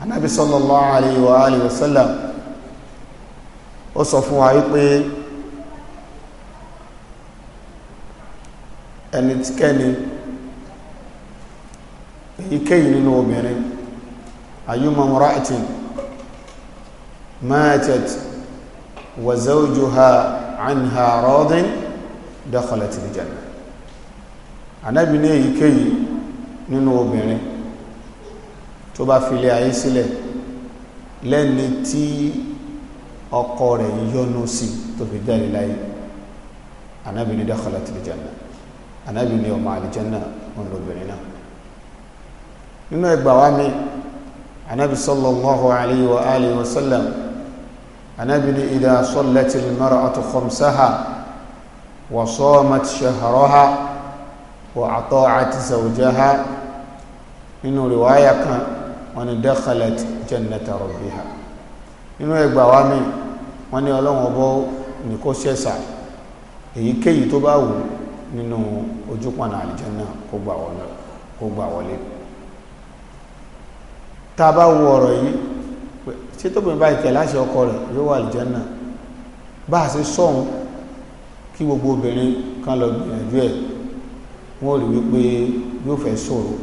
anábi sallallahu alayhi wa alayhi wa sallam ó sọ fún wa wípé ẹni tí kẹ́ni èyíkéyìí nínú obìnrin ayyuma imra'atin matat wa zawjuha anha radin dakhalat al-jannah anábi ní èyíkéyìí nínú obìnrin tó bá filẹ̀ ayé sílẹ̀ lẹ́ni tí ọkọ rẹ̀ yọ́nú sí tó fi jáde láyé anábì ní dákọ̀lá tìlẹ̀ jẹ́nà anábì ní ọmọ àlìjẹ́nà òun lóbìnrin náà nínú ẹgbà wa mi anábì sallallahu alayhi wa alihi wa sallam anábì ní idha sallatil mar'atu khamsaha wa samat shahraha wa ata'at zawjaha nínú riwaya kan wọ́n ní dakhalat jannata rabbiha nínú ẹgbà wa mi wọ́n ní ọlọ́run ọbọ̀ ní kó ṣẹ̀ṣà èyíkéyìí tó bá wù nínú ojúpọ̀nà àlìjánná kó gbà wọlé tá a bá wo ọ̀rọ̀ yìí ṣé tóbi bá ìtẹ̀ láṣẹ ọkọ rẹ̀ yóò wà àlìjánná bá a ṣe sọ̀hún kí gbogbo obìnrin kan lọ gbìyànjú ẹ̀ wọ́n rí wípé yóò fẹ́ sọ̀rọ̀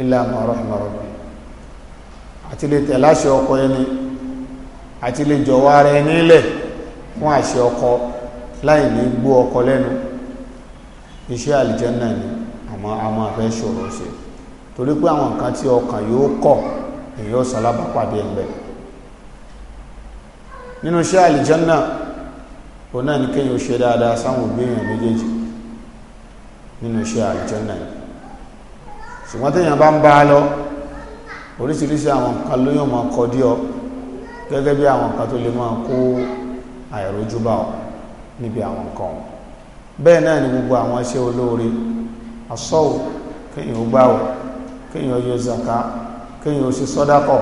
illa ma rahima rabbi àti lè tẹ̀ láṣẹ ọkọ ẹni àti lè jọ̀wọ́ ara ẹni lẹ̀ fún àṣẹ ọkọ láì ní gbó ọkọ lẹ́nu iṣẹ́ àlìjẹ́nà ni àmọ́ a máa fẹ́ ṣòro ṣe torí pé àwọn nǹkan tí ọkàn yóò kọ̀ èyí ó salábàpàdé ẹgbẹ́ nínú iṣẹ́ àlìjẹ́nà ò náà ní kéyìn ó dáadáa sáwọn òbí èèyàn méjèèjì nínú iṣẹ́ àlìjẹ́nà ni ṣùgbọ́n téèyàn bá ń bá a lọ oríṣiríṣi àwọn nǹkan ló yàn máa kọdí ọ gẹ́gẹ́ bí àwọn nǹkan tó lè máa kó àìrójú bá ọ níbi àwọn nǹkan wọn bẹ́ẹ̀ náà ni gbogbo àwọn iṣẹ́ olóore asọ́wò kéèyàn ó gbáwò kéèyàn ó yọ zaka kéèyàn ó ṣe sọ́dákọ̀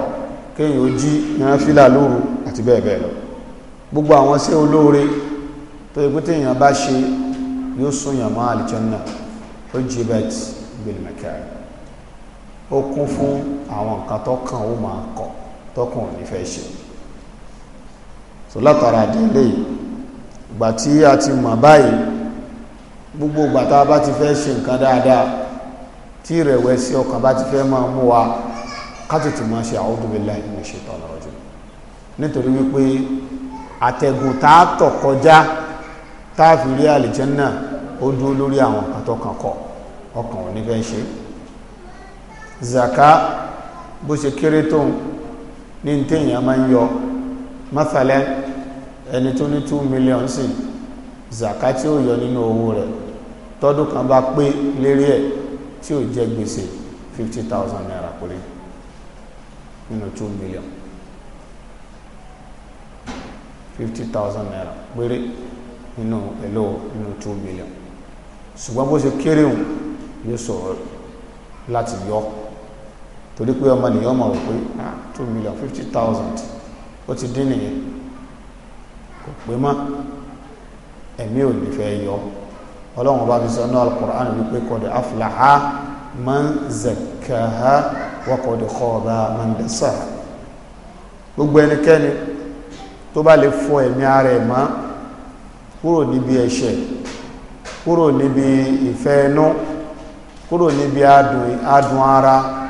kéèyàn ó jí ìran fílà lóru àti bẹ́ẹ̀ bẹ́ẹ̀ lọ gbogbo àwọn iṣẹ́ olóore tó yẹ pé téèyàn bá ṣe yóò súnyàn mọ́ àlìjẹ́nnà ó jibet bil makari ó kún fún àwọn nǹkan tọkàn ó máa kọ tọkàn ò ní fẹ́ ṣe so látara délé ìgbà tí a ti mọ̀ báyìí gbogbo ìgbà tá a bá ti fẹ́ ṣe nǹkan dáadáa tí ìrẹ̀wẹ̀sì ọkàn bá ti fẹ́ máa mú wa ká tètè máa ṣe a'udhu billahi minash shaitanir rajim nítorí wípé àtẹ̀gùn tá a tọ̀ kọjá tá a fi rí àlìjẹ́nnà ó dúró lórí àwọn nǹkan tó kọ ọkàn ò fẹ́ ṣe zaka bó ṣe kéré tó ní téèyàn máa ń yọ mọ́fàlẹ́ ẹni tó ní two million sí zaka tí ó yọ nínú owó rẹ̀ tọ́dún kan bá pé lérí ẹ̀ tí ó jẹ́ gbèsè fifty thousand naira péré nínú two million fifty thousand naira péré nínú èlò nínú two million ṣùgbọ́n bó ṣe kéré òun yóò sọ̀rọ̀ láti yọ ọ́ torí pé ọmọ nìyẹn ọmọ rò pé ah, two million fifty thousand ó ti dín nìyẹn kò pé mọ́ ẹ̀mí ò ní fẹ́ yọ ọlọ́run bá fi sọ ní alukur'an wípé kọ́dẹ̀ aflaha man zakaha wa kọ́dẹ̀ khaba man dasaha gbogbo ẹnikẹ́ni tó bá lè fọ ẹ̀mí ara ẹ̀ mọ́ kúrò níbi ẹ̀ṣẹ̀ kúrò níbi ìfẹ́ ẹnu kúrò níbi adùn ara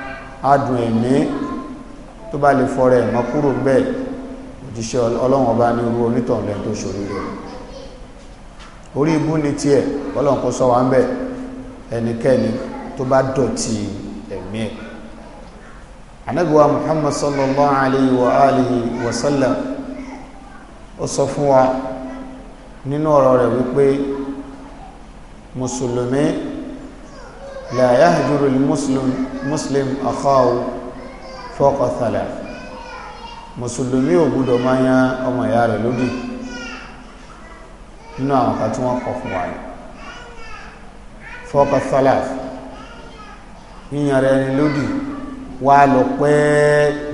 adùn ẹ̀mí tó bá lè fọ́rẹ̀ ẹ̀mọ́ kúrò bẹ́ẹ̀ òjíṣẹ́ ọlọ́run ọba ní irú onítọ̀hún lẹ́yìn tó ṣòrí rẹ̀ orí ibú ni tiẹ̀ ọlọ́run kó sọ wá ń sallallahu alayhi wa alihi wa sallam ó sọ fún wa nínú la yahjuru muslim muslim akhahu fawqa thalath mùsùlùmí ò gbúdọ̀ máa yan ọmọ ìyá rẹ̀ lódì nínú àwọn kan tí wọ́n kọ̀ fún wa yìí fọ́kọ̀ sálàf yíyan rẹ̀ ni lódì wà lọ pẹ́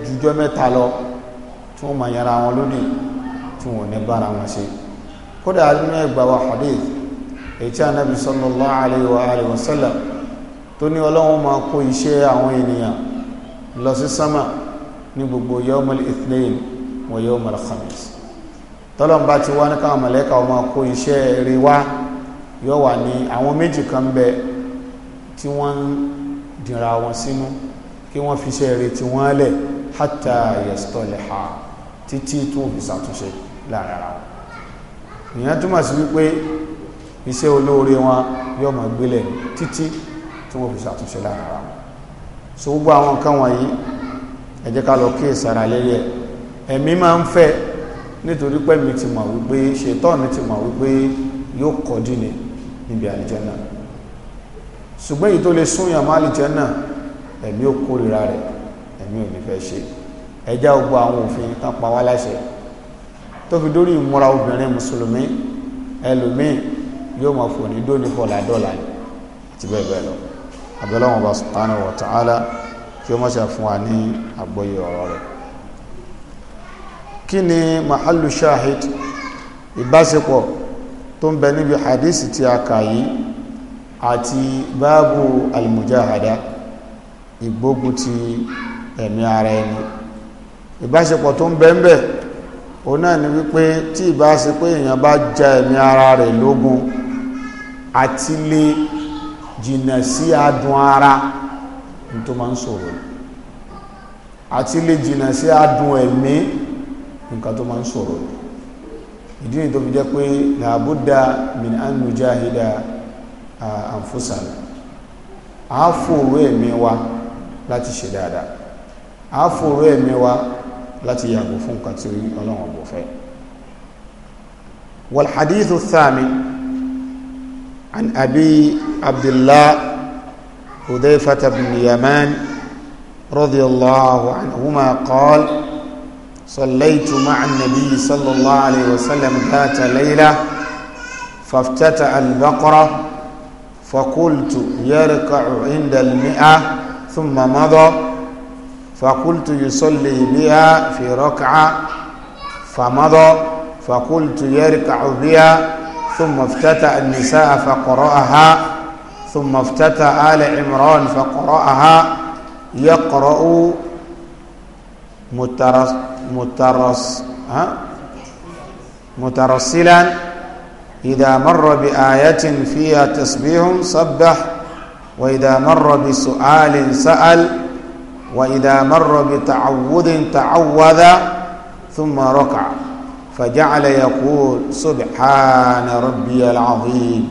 jùjọ́ mẹ́ta lọ tí wọ́n máa yára wọn lódì tí wọ́n ní bára wọn ṣe kódà nínú wa hadith èyí tí anábì sallallahu alaihi wa alihi wa sallam tó ní ọlọ́run máa kó iṣẹ́ àwọn ènìyàn lọ sí sánmà ní gbogbo yawmal ithnain wa yawmal khamis tọ́lọ́n bá ti wá ní káwọn mọ̀lẹ́kà ọmọ kó iṣẹ́ rí wá yọ wà ní àwọn méjì kan bẹ tí wọ́n ń dìra wọn sínú kí wọ́n fi iṣẹ́ rí tí wọ́n lẹ̀ hatta yastaliha títí tó fi ṣàtúnṣe láàrin ara wọn ìyẹn túmọ̀ sí wípé iṣẹ́ olóore wọn yọ mọ̀ gbélẹ̀ títí wọ́n fi ṣàtúnṣe lára wọn so gbogbo àwọn nǹkan wọ̀nyí ẹ jẹ́ ká lọ kí ìsara lérí ẹ̀ ẹ̀mí máa ń fẹ́ nítorí pé mi ti mọ̀ wípé ṣètọ́ọ̀nù ti mọ̀ wípé yóò kọ́ dínì níbi àlìjẹ́nà ṣùgbọ́n èyí tó lè súnyàn má àlìjẹ́nà ẹ̀mí ò kórìíra rẹ̀ ẹ̀mí ò ní fẹ́ ṣe ẹjá gbogbo àwọn òfin tán pa wá láṣẹ tó fi dórí ìmúra obìnrin mùsùlùmí ẹlòmíì yóò mọ̀ fò ní dóníkọ̀ ládọ́là àti bẹ́ẹ̀ bẹ́ẹ̀ lọ abẹ́lẹ́wọ̀n bá subhanahu wa ta'ala kí ó má ṣe fún wa ní àgbọ́yé ọ̀rọ̀ rẹ̀ kí ni mahalu shahid ìbáṣepọ̀ tó ń bẹ níbi hadith tí a kà yìí àti báàbù almujahada ìgbógun ti ẹ̀mí ara ẹni ìbáṣepọ̀ tó ń bẹ ń bẹ o náà ni wípé tí ìbáṣepọ̀ èèyàn bá ja ẹ̀mí ara rẹ̀ lógun àti lè jìnnà sí adùn ara ní tó máa ń ṣòro àti lè jìnnà sí adùn ẹ̀mí nǹkan tó máa ń ṣòro ìdí ni tó fi jẹ́ pé làbúdà min an nujahida anfusana a fòrò ẹ̀mí wa láti ṣe dáadáa a ẹ̀mí wa láti yàgò fún nǹkan ọlọ́run ọ̀bọ̀ fẹ́ wal hadithu عن أبي عبد الله حذيفة بن يمان رضي الله عنهما قال صليت مع النبي صلى الله عليه وسلم ذات ليلة فافتتأ البقرة فقلت يركع عند المئة ثم مضى فقلت يصلي بها في ركعة فمضى فقلت يركع بها ثم افتتح النساء فقرأها ثم افتتح آل عمران فقرأها يقرأ مترس مترس ها مترسلا إذا مر بآية فيها تسبيح سبح وإذا مر بسؤال سأل وإذا مر بتعوذ تعوذ ثم ركع فجعل يقول سبحان ربي العظيم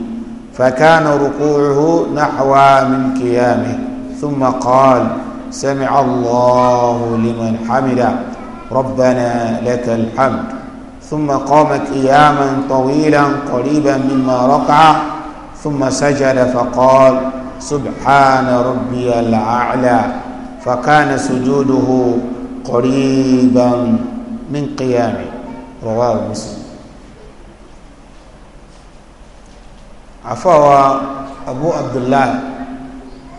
فكان ركوعه نحو من قيامه ثم قال سمع الله لمن حمده ربنا لك الحمد ثم قام قياما طويلا قريبا مما ركع ثم سجد فقال سبحان ربي الاعلى فكان سجوده قريبا من قيامه rawahu muslim àfọwọ́ abu abdullahi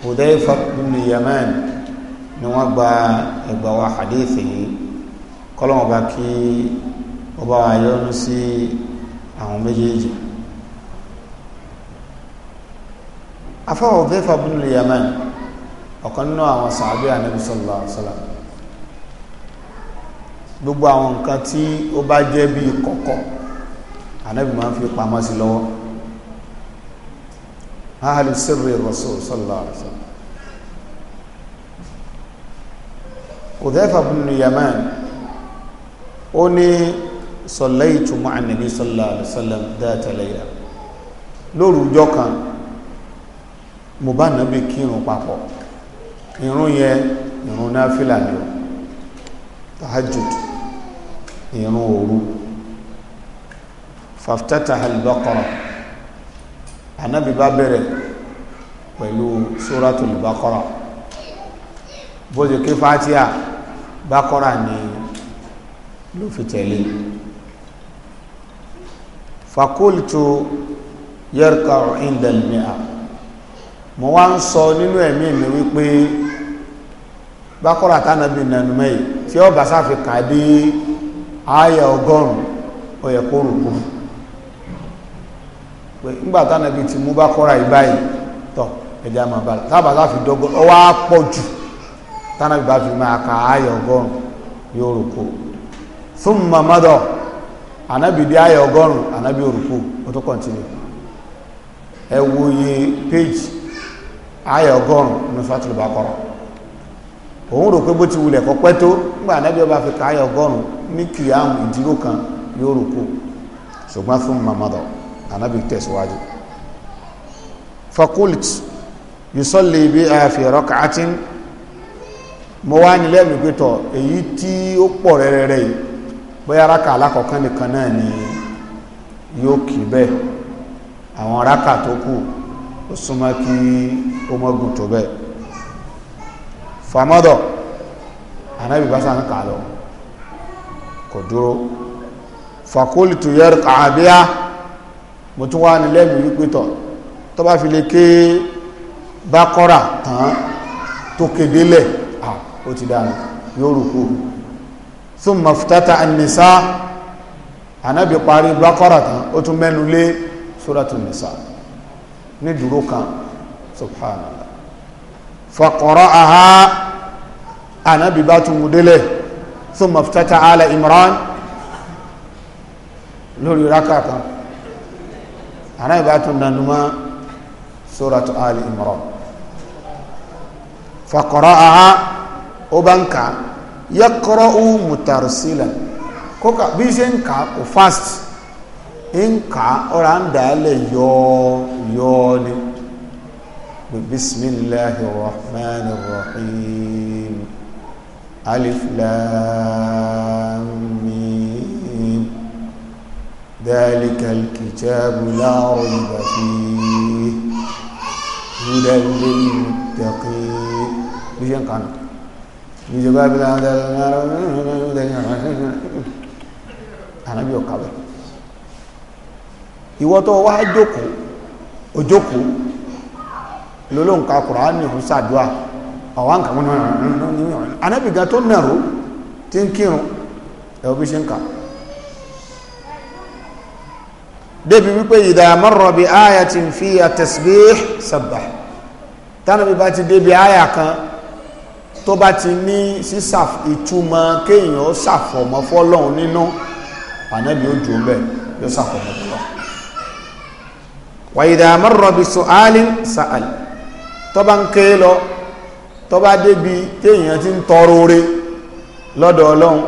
hudayfa bin yaman ni wọ́n gba ẹgbà wa hadithi yìí kọ́lọ́mọba kí ọba wa yọ́nú sí àwọn méjèèjì. afọwọ́ hudayfa bin yaman ọ̀kan nínú àwọn sàbíà nabi sallallahu gbogbo àwọn nǹkan tí ó bá jẹ́ bí kọ̀kọ̀ ànábì máa ń fi pamọ́ sí lọ́wọ́ ahàlù sirri rasul sallallahu alaihi wasallam Hudhayfa ibn Yaman ó ní sallaytu ma'a nabi sallallahu alaihi wasallam dhata layla lóru ọjọ́ kan mo bá nàbí kírun papọ̀ ìrun yẹn ìrun náfìlà ni ó tahajjud ìrun òru faftataha al-baqara anabi bá bẹ̀rẹ̀ pẹ̀lú suratul baqara bójú kí fatia baqara ni ló fi tẹ̀lé fakultu yarka'u inda al-mi'a mo wá ń sọ nínú ẹ̀mí mi wípé baqara tánàbì nànúmẹ́yì tí ó bá sáfi kàdé àyà ọgọ́rùn ó yẹ kó rùkú pé nígbà tánàbí ti mú bá kọ́ra ìbáyìí tọ ẹja máa bá tábà láfi dọ́gọ́ ọwọ́ á pọ̀ jù tánàbí bá fi máa ka so ọgọ́rùn yóò madọ ànábì dé àyà ọgọrùn ànábì ò ó tó kọ̀ntínú ẹ wo iye péjì àyà ní òun rò pé bó ti wulẹ̀ kọ́ pẹ́ tó nígbà anábì ọba fi ahụ ọgọ́rùn ní kan yóò rò kó ṣùgbọ́n fún mamadọ anábì tẹ̀síwájú fakult yusolli bi afi rak'atin mo wá ní lẹ́mìí pé tọ̀ èyí tí ó pọ̀ rẹ́rẹ́rẹ́ yìí bóyá rákà alákọ̀ọ́kan nìkan náà ni yóò kì bẹ́ẹ̀ àwọn rákà tó kù ó súnmọ́ famọ́dọ̀ anábì bá sáà ń kà lọ kò dúró fàkólìtù yẹ́rù kàábíá mo tún wá ní lẹ́mìí wípé tọ̀ tó bá fi lè ké bákọ́rà tán tó ti dára yóò rùkú fún mafutata anisa anábì parí bákọ́rà tán ó tún mẹ́nu lé sóràtù nisa ní dúró kan subhanallah fọkọrọ aha anabi bá tún múdélẹ fún mọfitata ala imran lórí raka kan anabi bá tún nanuma suratu ali imran fọkọrọ aha ó bá ń kà yẹkọrọ ó mutarsila kóka bí ṣe ń kà kò fast ń kà ọ̀rá ń dà á lẹ̀ yọ yọ ni. بسم الله الرحمن الرحيم ألف لام ميم ذلك الكتاب لا ريب فيه هدى للمتقين بشين قانا بجباب لا أنا بيوقع ìwọ tó wá jókòó òjókòó lọ́lọ́hùn ká kùránì ọ̀hún sàdúà àwọn nǹkan wọn anábì gan tó nàró tí ń kírun ẹ̀wọ́ bí ṣe ń kà débi wípé ìdá marra bi ayatin fiha tasbih sabbah tánàbí bá ti débi àyà kan tó bá ti ní sísà ìtumọ̀ kéèyàn ṣàfọ̀mọ́ fọ́lọ́hún nínú ànábì ó jù ú bẹ́ẹ̀ yóò ṣàfọ̀mọ́ fọ́lọ́hún wa ìdá marra bi su'alin sa'al tọ́ba ń ké lọ tọ́ba débi téèyàn ti ń tọrọ oore lọ́dọ̀ ọlọ́run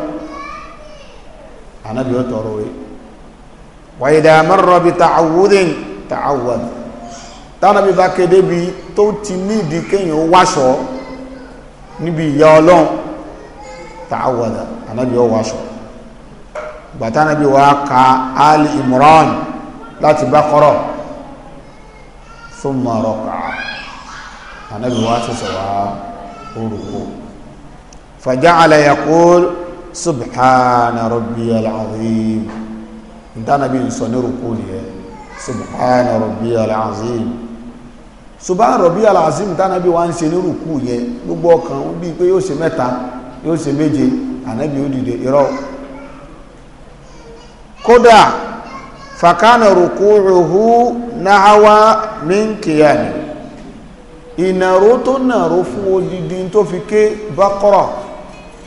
ànábì ó tọrọ oore wa idha marra bi ta'awudin ta'awad tánábì bá ké débi tó ti nídi kéèyàn ó wáṣọ níbi ìyá ọlọ́run ta'awad ànábì ó wáṣọ gbàtánábì wá ka Ali Imran láti Baqara thumma raka'a anabi wa ṣẹ̀ṣẹ̀ wá orúkọ faja'ala yaqul subhana rabbiyal azim ntànàbí nsọ ní orúkọ nìyẹn subhana rabbiyal azim subhana rabbiyal azim ntànàbí wa ń ṣe ní orúkọ yẹn gbogbo ọkàn bíi pé yóò ṣe mẹ́ta yóò ṣe méje anabi ó dìde irọ́ kódà fakana rukuuhu nahawa min kiyami ìnàró tó nàró fún odidi tó fi ké Baqara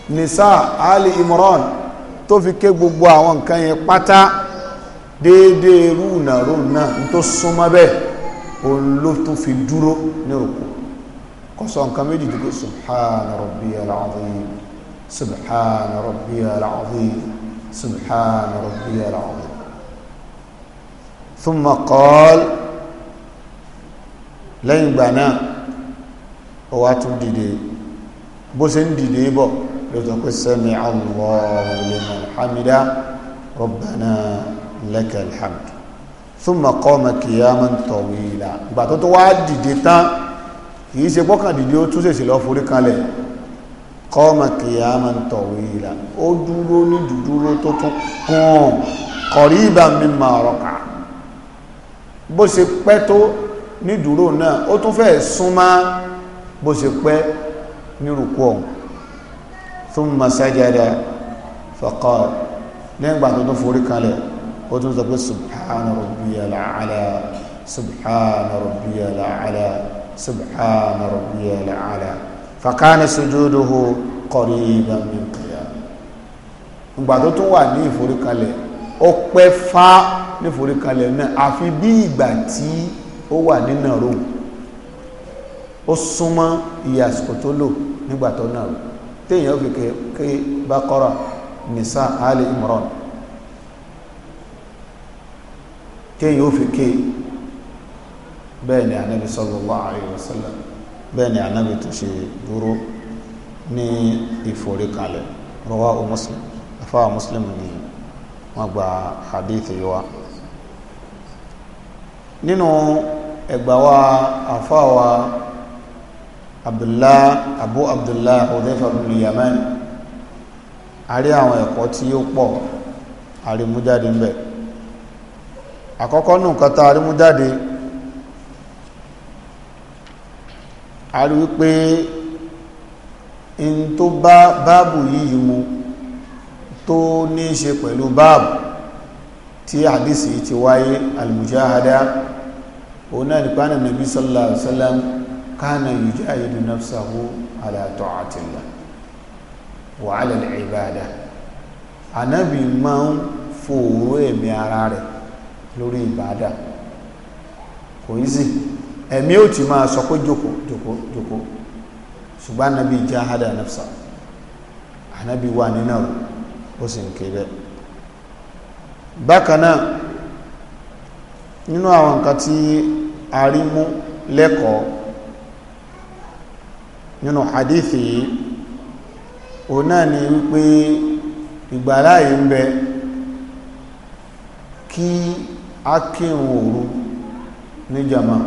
Nisa Ali Imran tó fi ké gbogbo àwọn nǹkan yẹn pátá déédéé irú ìnàró náà tó súnmọ́ bẹ́ẹ̀ òun ló tó fi dúró ní òkú kò nǹkan méjì dúró subhana lẹ́yìn ìgbà náà ó wá tún dìde bó ṣe ń dìde bọ̀ ló sọ pé sami Allahu liman hamida rabbana lakal hamd thumma qama qiyaman tawila ìgbà tó tó wá dìde tán kìí ṣe gbọ́kàn dìde ó tún ṣèṣì lọ forí bó ṣe pẹ́ nírùkú ọ̀hún thumma sajada faqala nígbà tó tún forí kalẹ̀ ó tún sọ pé subhana rabbiyal a'la subhana rabbiyal a'la subhana rabbiyal a'la fakana sujuduhu qariban min qiyam ìgbà tó tún wà ní ìforíkalẹ̀ ó pẹ́ fá ní ìforíkalẹ̀ náà àfi bí ìgbà tí ó wà nínà róhùn ó súnmọ́ iye àsìkò tó lò nígbà tó náà téèyàn fi ké bákọ́rà nìsa ali imran téèyàn ó fi ké bẹ́ẹ̀ ni ànábi sallallahu alayhi wa sallam bẹ́ẹ̀ ni ànábi tó ṣe dúró ní ìforíkalẹ̀ rawahu muslim afáwà muslim ni wọ́n gba hadith yìí wá nínú ẹgbàá afáwà abdullah abu abdullah hudhaifa bin yaman a rí àwọn ẹ̀kọ́ tí ó pọ̀ àrímújáde ń bẹ̀ àkọ́kọ́ nù kọta àrímújáde a rí wípé in tó bá báàbù yìí mu tó ní ṣe pẹ̀lú báàbù tí hadisi ti wáyé almujahada òun náà nípa nàbí sallallahu alaihi wasallam kana yujahidu nafsahu ala ta'atillah wa ala al-ibadah ànábì máa ń fòòró ẹ̀mí ara rẹ̀ lórí ìbádà kò í sì ẹ̀mí ò ti máa sọ pé jòkó jòkó jòkó ṣùgbọ́n ànábì jahada nafsa ànábì wà nínú ó sì ń kéré bákan nínú àwọn nǹkan tí a rí mú lẹ́kọ̀ọ́ nínú hadithi yìí o náà ni ń wípé ìgbàláyé ń bẹ kí a kírun òru ní jama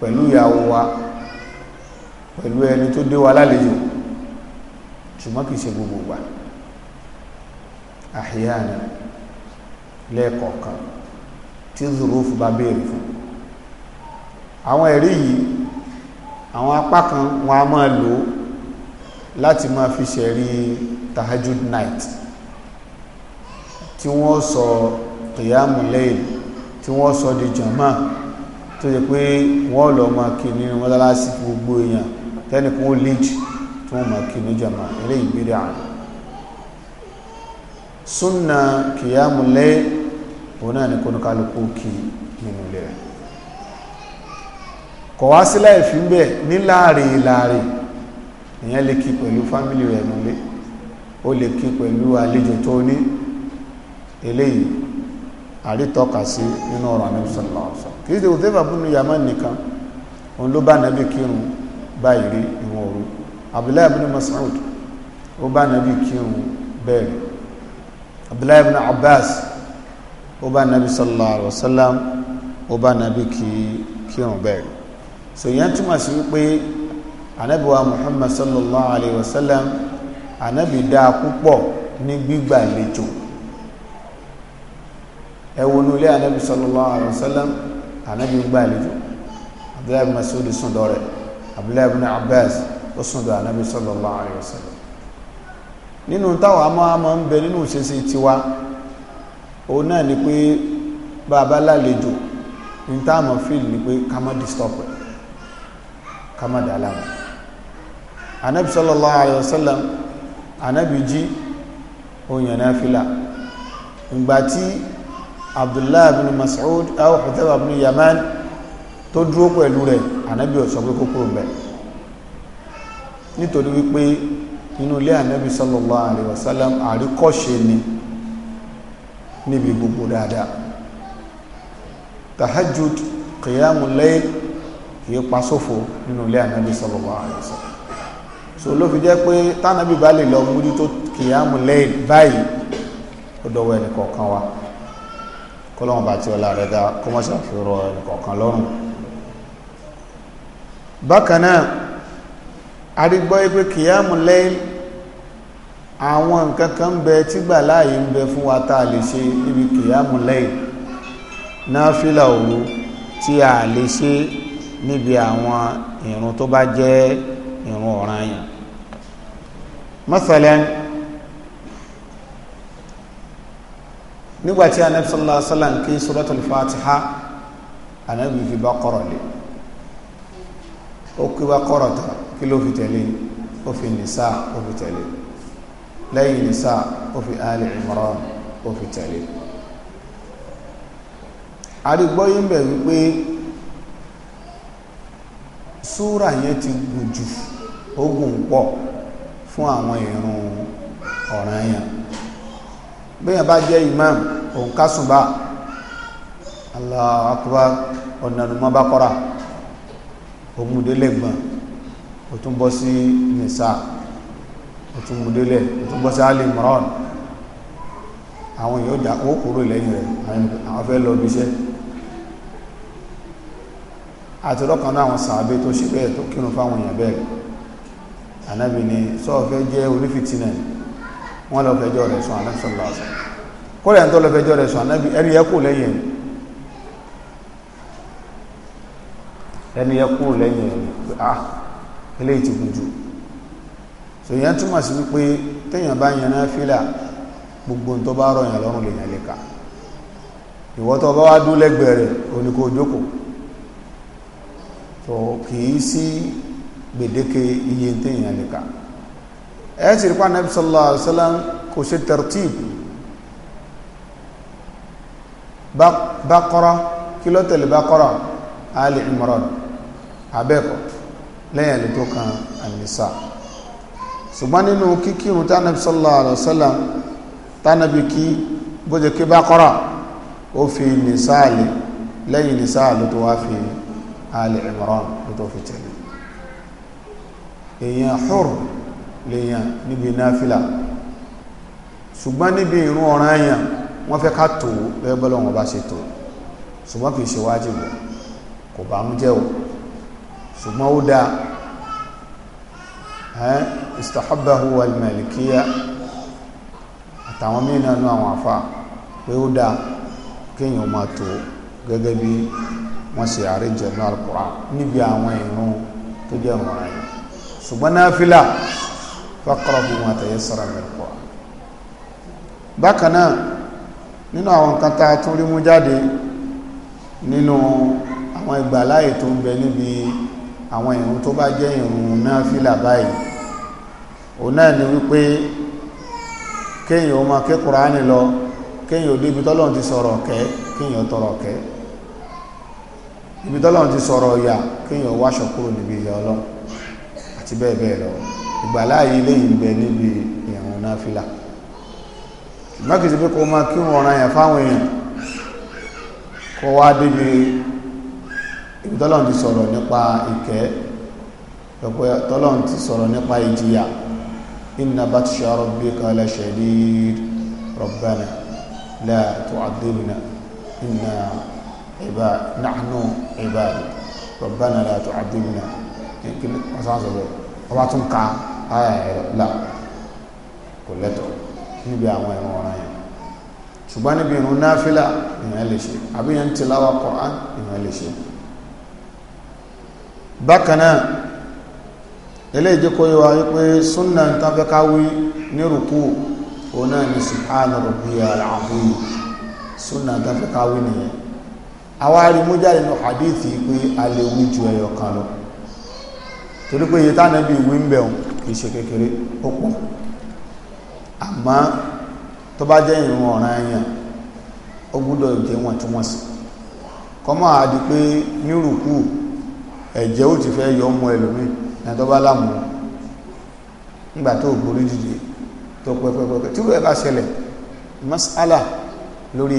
pẹ̀lú ìyàwó wa pẹ̀lú ẹni tó dé wa lálejò ṣùgbọ́n kìí ṣe gbogbo wa àhíyàní lẹ́ẹ̀kọ̀ọ̀kan tí zuruf bá béèrè fún àwọn ẹ̀rí yìí àwọn apá kan wọn a máa lò ó láti máa fi ṣẹ̀rí tahajud night tí wọ́n sọ qiyamul layl tí wọ́n sọ di jama tó yẹ pé wọ́n lọ máa kí nínú mọ́sálásí gbogbo èèyàn tẹ́nìkún ó léjì tí wọ́n máa kí ní jama eré ìgbéra àrùn súnà qiyamul layl òun náà ní kónúkálukú kí nínú ilé kọ̀ wá sílá ìfín bẹ̀ ní láàrè ìlàrè èyàn lè kí pẹ̀lú fámílì rẹ̀ múlé ó lè kí pẹ̀lú àlejò tó ní eléyìí àrítọ́ka sí nínú ọ̀rọ̀ ànábì sallallahu alaihi wasallam kì í ṣe òtẹ́fà nìkan òun ló bá nàbí kírun báyìí rí ìwọ̀n òru abdullahi ibn mas'ud ó bá nàbí kírun bẹ́ẹ̀ abdullahi ibn abbas ó bá nàbí sallallahu alaihi wasallam ó bá nàbí kírun bẹ́ẹ̀ sèyàn túmọ̀ sí wípé anabi wa muhammad sallallahu alayhi wa sallam anabi dáa púpọ̀ ní gbígbàlejò ẹ wọnú ilé anabi sallallahu alayhi wa sallam anabi gbàlejò abdullahi bin masoud sùn dọ̀rẹ́ abdullahi bin abbas ó sùn dọ̀ anabi sallallahu alayhi wa sallam nínú táwọn àmọ́ àmọ́ ń bẹ nínú ìṣesí tiwa òun náà ni pé bàbá lálejò ní táwọn fíìlì ni pé ká má disturb ẹ̀ ká má dá láàmú anabi sallallahu alayhi wa sallam anabi jí oyin nafila ngbàtí abdullahi bin mas'ud aw hudhayfa bin yaman tó dúró pẹ̀lú rẹ̀ anabi ò sọ pé kókó mbẹ nítorí wípé nínú ilé anabi sallallahu alayhi wa sallam ni níbi gbogbo dáadáa tahajjud qiyamul layl kì í pa sófo nínú ilé ànábì sallallahu alaihi wasallam so ló fi jẹ́ pé tánàbì bá lè lọ mójútó kìyàmù lẹ́yìn báyìí ó dọwọ́ ẹnì kọ̀ọ̀kan wa kọ́lọ́wọ́n bá ti ọlá rẹ̀ ga kó mọ́ ṣàfihàn ẹnì lọ́rùn bákan náà arígbọ́ pé kìyàmù lẹ́yìn àwọn nǹkan kan bẹ tí gbà láàyè ń bẹ fún wa tá a lè ṣe níbi kìyàmù lẹ́yìn náà fílà òru tí a lè ṣe níbi àwọn ìrun tó bá jẹ́ ìrun ọ̀ranyàn masalan nígbàtí anabi sallallahu alaihi wa sallam kí suratul fatiha anabi fi Baqara lé ó kí Baqara ta kí ló fi tẹ̀lé ó fi nìsa ó fi tẹ̀lé lẹ́yìn nìsa ó fi ali imran ó fi tẹ̀lé àdìgbọ́yìn bẹ̀ wípé súrà yẹn ti gùn jù ó gùn pọ̀ fún àwọn ìrun ọ̀ràn yẹn bẹ́yàn bá jẹ́ imam òun kásùnbà Allahu akbar ọ̀nàdùnmọ́ bá kọ́ra òmùdélẹ̀gbọ̀n ó tún bọ́ sí nìsà ó tún múdélẹ̀ ó tún bọ́ sí alì mọ́rán àwọn èèyàn ó kúrò lẹ́yìn rẹ̀ àwọn fẹ́ lọ bí iṣẹ́ àti rọ́kàn náà àwọn sàábé tó ṣe bẹ́ẹ̀ tó kírun fáwọn èèyàn bẹ́ẹ̀ ànábì ni sọ́ọ̀fẹ́ jẹ́ onífìtínẹ̀ wọ́n lọ fẹjọ́ rẹ̀ sùn ànábì sọ́lọ́ ọ̀sẹ̀ kọ́lẹ̀ ń tó lọ fẹjọ́ rẹ̀ sùn ànábì ẹ̀rí ẹ̀kú lẹ́yìn ẹni ẹ̀kú lẹ́yìn ah eléyìí ti gùn jù sèyàn túmọ̀ sí wípé téèyàn bá yan náà fílà gbogbo tó bá rọyàn lọ́rùn lèèyàn lè tó kìí sí gbèdéke iye téèyàn lè kà ẹ sì rí pa Nabi sallallahu alaihi wasallam kò ṣe tartib Baqara kí ló tẹ̀lé Baqara Ali Imran abẹ́kọ̀ lẹ́yìn ẹ̀lẹ́ tó kan An-Nisa nínú kíkírun tánàbí sallallahu alaihi wasallam tánàbí kí bójẹ̀ kí Baqara ó fi Nisa lẹ́yìn Nisa tó wá fi Ali Imran ní tó fi tẹ̀lé èèyàn hur lèèyàn níbi náfìlà ṣùgbọ́n níbi ìrun ọ̀ràn èèyàn wọ́n fẹ́ ká tó gẹ́gẹ́ bọ́lọ̀ wọn bá ṣe tó ṣùgbọ́n kìí ṣe wájìbù kò bá ń jẹ́ o ṣùgbọ́n ó dáa ẹ́ al-Malikiyya àtàwọn mìíràn nínú àwọn àfa pé ó dáa kéèyàn máa tó gẹ́gẹ́ bí wọ́n ṣe àríjẹ ní alukuran níbi àwọn ìrun tó jẹ́ ìrun ayé ṣùgbọ́n náfìlà faqrabu ma tayassara min al-Qur'an bákan náà nínú àwọn nǹkan tá a tún rí mú jáde nínú àwọn ìgbàláyè tó ń bẹ níbi àwọn ìrun tó bá jẹ́ ìrun náfìlà báyìí òun náà ni wípé kéèyàn ó máa ké Kùránì lọ kéèyàn ó débi tọ́lọ́run ti sọ̀rọ̀ kẹ́ kéèyàn tọrọ kẹ́ ibi tọ́lọ́run ti sọ̀rọ̀ ọ̀yà kéèyàn wáṣọ kúrò níbi ìyà ọlọ́run àti bẹ́ẹ̀ bẹ́ẹ̀ lọ ìgbàláàyè lẹ́yìn bẹ níbi ìrun náfìlà ṣùgbọ́n kìí sí pé kó máa kí wọn ọ̀ràn yẹn fáwọn èèyàn kó wá débi ibi tọ́lọ́run ti sọ̀rọ̀ nípa ìkẹ́ lọ́pẹ́ tọ́lọ́run ti sọ̀rọ̀ nípa ìjìyà inna batsha rabbika la shadid rabbana la tu'adhibna inna عباد نحن عباد ربنا لا تعذبنا يمكن أساس ọba tún ka ara ẹ̀rọ là kò lẹ́tọ̀ níbi àwọn ẹ̀rọ ọ̀ràn yẹn ṣùgbọ́n níbi ìrún náfílà ìrìn lè ṣe àbí yẹn ti láwà Qur'an ìrìn lè ṣe bákanáà ilé ìjẹ́kọ́ yíwa wípé súnnà ń tán káwí ní rùkú òun náà ni subhana rabbiyal azim súnnà ń tán káwí nìyẹn àwọn arimújáde nù hadithi pé a lè wú ju ẹyọ kan lọ torí pé iye táwọn ẹbí ìwé ń bẹ̀ wọn ṣe kékeré ó pọ̀ àmọ́ tó bá jẹ́ ìrún ọ̀ràn ẹ̀yàn ó gbúdọ̀ jẹ́ wọ̀ntúnwọ̀nsì kọ́mọ́ àdí pé nírùkú ẹ̀jẹ̀ ó ti fẹ́ yọ ọmọ ẹlòmíì ní tó bá láàmú nígbà tó gbórí dìde tó pẹ́pẹ́pẹ́ tí ó bá ṣẹlẹ̀ mas'ala lórí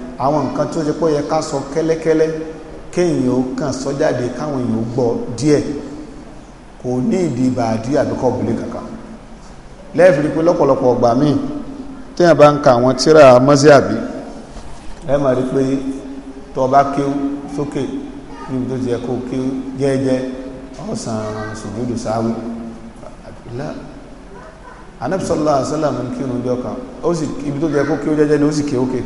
àwọn nǹkan tí ó ṣe pé yẹ ká sọ kẹ́lẹ́kẹ́lẹ́ kéèyàn ó kàn sọ jáde káwọn èèyàn ó gbọ́ díẹ̀ kò ní ìdí ìbàdí àbíkọ́ òbílẹ̀ kankan lẹ́ẹ̀fì pé lọ́pọ̀lọpọ̀ ọgbà míì téèyàn bá ń ka àwọn tíra mọ́síàbí ẹ máa rí pé tó bá kéwú sókè níbi tó ti yẹ kó kéwú jẹ́ẹ́jẹ́ ọ̀sán sùjúdù sáwí anábìsọ́lá àṣálàmù kírun jọ kan ibi tó ti yẹ kó kéwú jẹ́ẹ́jẹ́ ni ó sì kéwú kéwú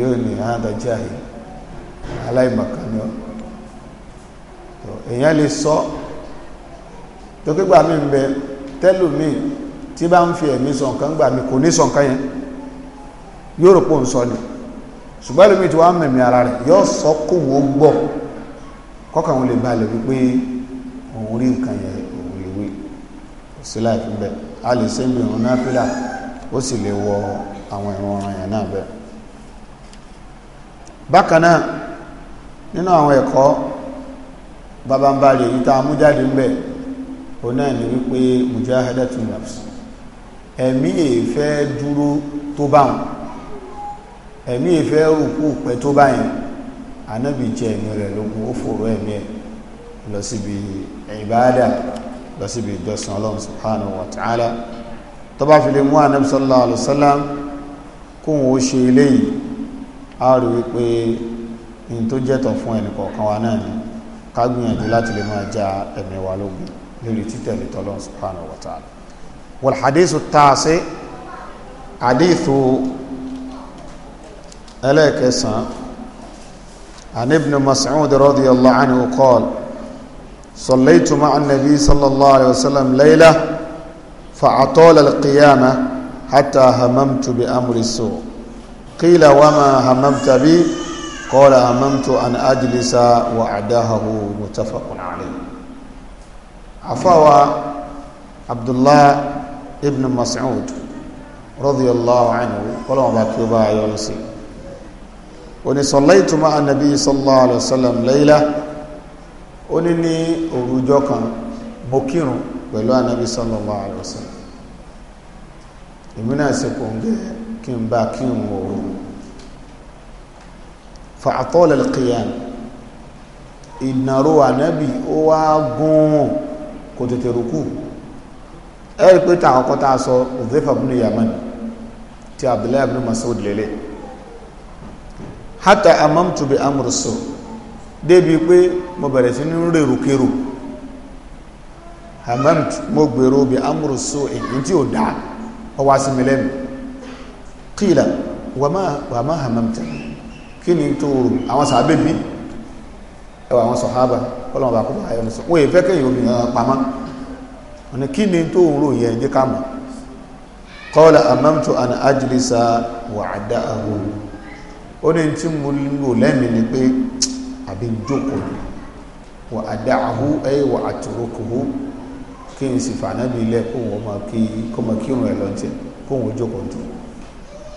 yóò ní àádájá yìí aláìmọ̀kání ọ́ èyàn lè sọ tó kígbà mí ń bẹ tẹ́lù mí tí bá fi ẹ̀mí sọ nǹkan gbà kò ní sọ nǹkan yẹn yóò rò sọ ni ṣùgbọ́n lómi tí wọ́n mẹ̀mí ara rẹ̀ yóò sọ kó wọ́n gbọ́ kọ́kàn lè balẹ̀ wípé òun rí nǹkan òun lè wí a àwọn ìran ọ̀ràn yẹn náà bẹ́ẹ̀ na nínú àwọn ẹ̀kọ́ babambalè yìí tá a mú náà ní wípé mujahadatun nafs ẹ̀mí èèfẹ́ dúró tó bá ẹ̀mí èèfẹ́ rùkú pẹ́ tó bá anábì ẹ̀mí rẹ̀ ó fòrò lọ síbi ìbáadà lọ síbi ìjọsìn ọlọ́run wa ta'ala tó fi lè sallallahu kóhun ó ṣe eléyìí a rí wípé in tó jẹ́tọ̀ fún ẹnìkọ̀ọ̀kan wa náà ni ká gbìyànjú láti lè máa ja ẹ̀mí wa lógun lórí títẹ̀lé tọ́lọ́n subhanahu wa ta'ala wal hadithu taasi hadithu ẹlẹ́ẹ̀kẹsàn عن ابن مسعود رضي الله عنه قال صليت مع النبي صلى الله عليه وسلم ليلة فأطال القيامة حتى هممت بأمر السوء قيل وما هممت به قال هممت أن أجلس وعداه متفق عليه عفوا عبد الله ابن مسعود رضي الله عنه قال ما كيبا يونسي وني صليت مع النبي صلى الله عليه وسلم ليلة وني أرجوكا مكير ولو النبي صلى الله عليه وسلم èmi náà sì kò ń gẹ́ kí n bá kí n wò ó fa àtọ́lẹ̀ kìyàn ìnàró ànábì ó wá gún kò tètè rúkú ẹ rí pé táwọn kọ́ tá a sọ òféfà bínú yaman ti abdullahi ibn masoud lélẹ̀ hata amamtu bi amurso débi pé mo bẹ̀rẹ̀ sí ní rèrò kérò amamtu mo gbèrò bi amurso èyí tí ò dáa ọwá sí mẹ́lẹ́mì kíìlà wà máa hamamta kí ni tó rò àwọn sàábé bí ẹwà àwọn sọ̀hábà ọlọ́mọba kó bá ayọ́nà sọ wọ́n èfẹ́ kẹ́yìn omi hàn pamá ọ̀nà kí ni tó rò yẹn jẹ́ ká mọ̀ kọ́lá amamtu an wà àdá ahùn ó ní tí mo lò lẹ́mìí ni pé àbí jókòó wà àdá ahùn ẹ̀ wà àtúrókòó kí n sì fànábì ilẹ̀ kóhùn ọmọ kí kọmọ kí òun ẹ̀ lọ jẹ kóhùn ojókòó tó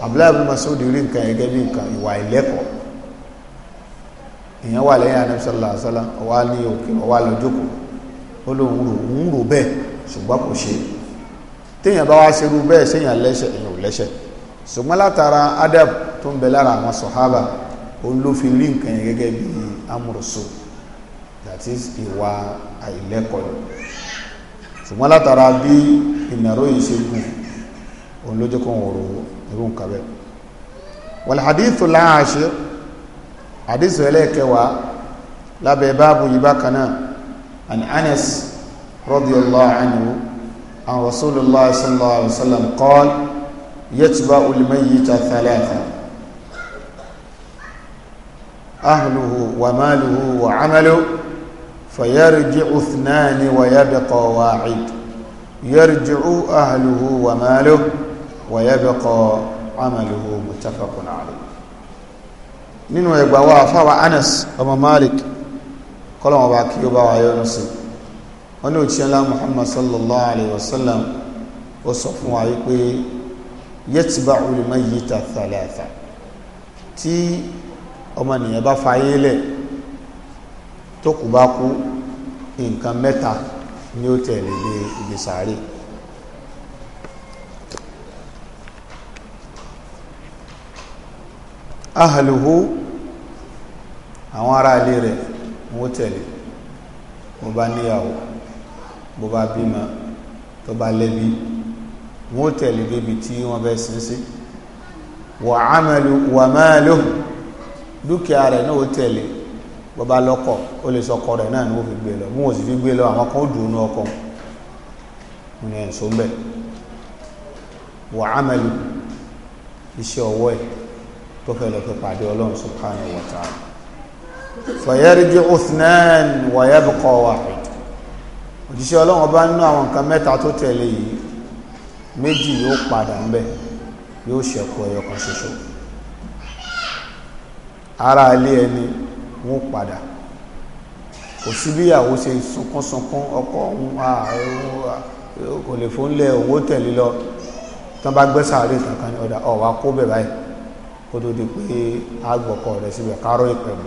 Abdullahi bin Mas'ud rí nǹkan gẹ́gẹ́ bí nǹkan ìwà ìlẹ́kọ̀ọ́ èèyàn wà lẹ́yìn Ànábì sallallahu alaihi wasallam ọwá ní òkè ọwá lọ jókòó ó lóun rò ń rò bẹ́ẹ̀ ṣùgbọ́n kò ṣe téèyàn bá wá ṣerú bẹ́ẹ̀ séèyàn lẹ́ṣẹ̀ èèyàn ò lẹ́ṣẹ̀ ṣùgbọ́n látara adab tó ń bẹ lára àwọn sọ̀hábà ó ló fi rí nǹkan gẹ́gẹ́ bí amúrùsù that is ìwà àìlẹ́kọ̀ọ́ ṣùgbọ́n látara bí ìnàró yìí ṣe gùn òun ló jẹ́ kó ń wòrò irú nǹkan bẹ́ẹ̀ wal hadithu al-ashir hadithu ẹlẹ́ẹ̀kẹwàá lábẹ́ báàbù yìí bákan náà an Anas radiyallahu anhu an rasulillah sallallahu alaihi wa فيرجع اثنان ويبقى واحد يرجع أهله وماله ويبقى عمله متفق عليه nínú ẹgbà wa fáwa Anas ọmọ Malik kọlọ̀ ọba kí ó bá wa yọ́nú sí wọ́n ní òjíṣẹ́ ńlá Muhammad sallallahu alaihi wasallam ó sọ fún wa wípé yatba'u al-mayyita thalatha tí ọmọnìyàn bá fayé lẹ̀ tó kù bá kú nǹkan mẹ́ta ni ó tẹ̀lé lé ibi sàárè ahàlùhù àwọn ará ilé rẹ̀ wọ́n tẹ̀lé wọ́n bá níyàwó bó bá bímọ tó bá lẹ́bí wọ́n tẹ̀lé débi tí wọ́n bẹ́ sin sí wà máàlù dúkìá rẹ̀ náà ó tẹ̀lé bọ́bá lọ́kọ̀ ó lè sọkọ rẹ̀ náà ni ó fi gbé lọ mú òsì fi gbé lọ àwọn kan ó dùn ún ọkọ̀ mo ní ẹ̀sọ́ mbẹ́ wà á mẹ́lu iṣẹ́ ọwọ́ ẹ̀ tó fẹ́ lọ fi pàdé ọlọ́run subhanahu wa ta'ala fayarji uthnan wa yabqa wahid òjíṣẹ́ ọlọ́run ọba nínú àwọn nǹkan mẹ́ta tó tẹ̀lé yìí méjì yóò padà ń bẹ̀ yóò ṣẹ̀kù ẹyọ kan ṣoṣo ara ilé ẹni wọ́n padà kò sí bí ìyàwó ṣe sunkúnsunkún ọkọ ọ̀hún kò lè fún lẹ owó tẹ̀lé lọ tán bá gbé sàárè kankan ní ọ̀dà ọ̀wá kó bẹ̀ báyìí kó tó di pé àgbọ̀kọ̀ rẹ̀ síbẹ̀ kárọ̀ ìpẹ̀mù